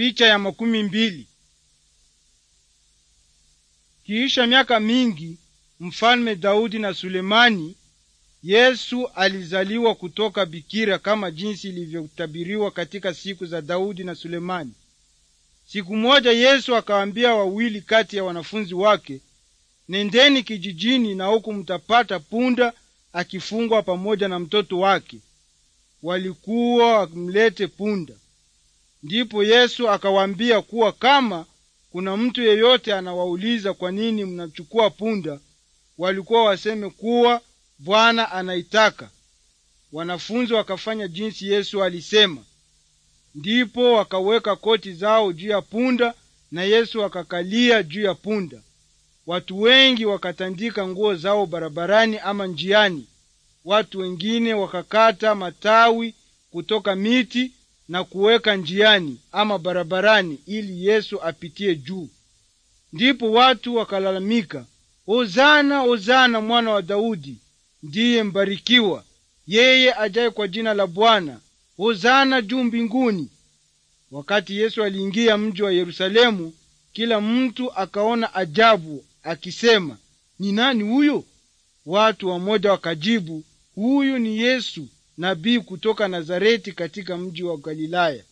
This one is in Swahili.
Picha ya makumi mbili. Kiisha miaka mingi mfalme Daudi na Sulemani, Yesu alizaliwa kutoka bikira kama jinsi ilivyotabiriwa katika siku za Daudi na Sulemani. Siku moja Yesu akawaambia wawili kati ya wanafunzi wake, nendeni kijijini na huku mtapata punda akifungwa pamoja na mtoto wake. Walikuwa wamlete punda. Ndipo Yesu akawaambia kuwa kama kuna mtu yeyote anawauliza kwa nini mnachukua punda, walikuwa waseme kuwa Bwana anaitaka. Wanafunzi wakafanya jinsi Yesu alisema. Ndipo wakaweka koti zao juu ya punda na Yesu akakalia juu ya punda. Watu wengi wakatandika nguo zao barabarani ama njiani. Watu wengine wakakata matawi kutoka miti na kuweka njiani ama barabarani ili Yesu apitie juu. Ndipo watu wakalalamika, Hozana, Hozana mwana wa Daudi! Ndiye mbarikiwa yeye ajaye kwa jina la Bwana, Hozana juu mbinguni. Wakati Yesu aliingia mji wa Yerusalemu, kila mtu akaona ajabu akisema, ni nani huyo? Watu wamoja wakajibu, huyu ni Yesu nabii kutoka Nazareti katika mji wa Galilaya